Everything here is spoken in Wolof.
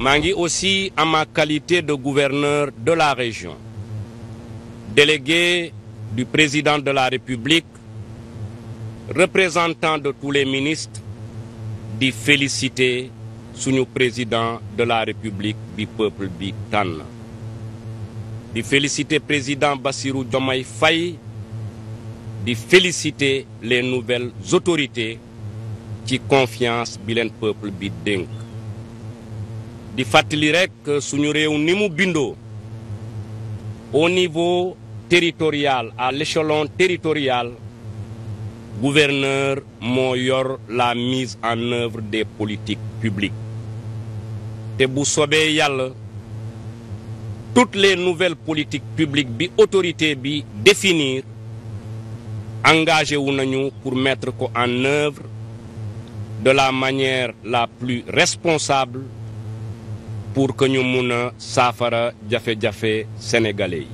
maa ngi aussi en ma qualité de gouverneur de la région délégué du président de la République représentant de tous les ministres di féliciter suñu président de la République bi peuple bi tànn di féliciter président Bassirou Diomaye Faye di féliciter les nouvelles autorités ci confiance bi leen peuple bi di fàttali rekk suñu réew ni mu bindoo au niveau territorial à l'échelon territorial gouverneur moo yor la mise en œuvre des politiques publiques te bu sobee yàlla toutes les nouvelles politiques publiques bi autorité bi définir engagé wu nañu pour mettre ko en œuvre de la manière la plus responsable pour que ñu mun a saafara jafe-jafe sénégalais yi.